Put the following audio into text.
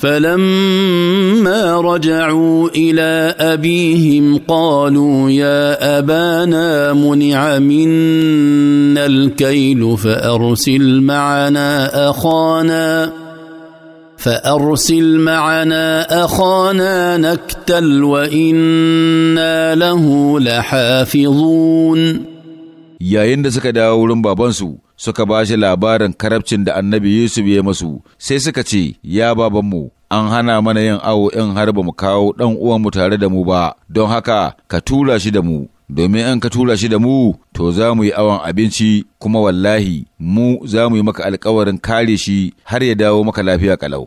فلما رجعوا الى ابيهم قالوا يا ابانا منع منا الكيل فارسل معنا اخانا فارسل معنا اخانا نكتل وانا له لحافظون yayin da suka dawo wurin babansu suka ba shi labarin karabcin da annabi Yusuf ya masu sai suka ce ya babanmu an hana mana yin awo in har ba mu kawo ɗan uwanmu tare da mu ba don haka ka tura shi da mu domin in ka tura shi da mu to za mu yi awon abinci kuma wallahi mu za mu yi maka alkawarin kare shi har ya dawo maka lafiya kalau.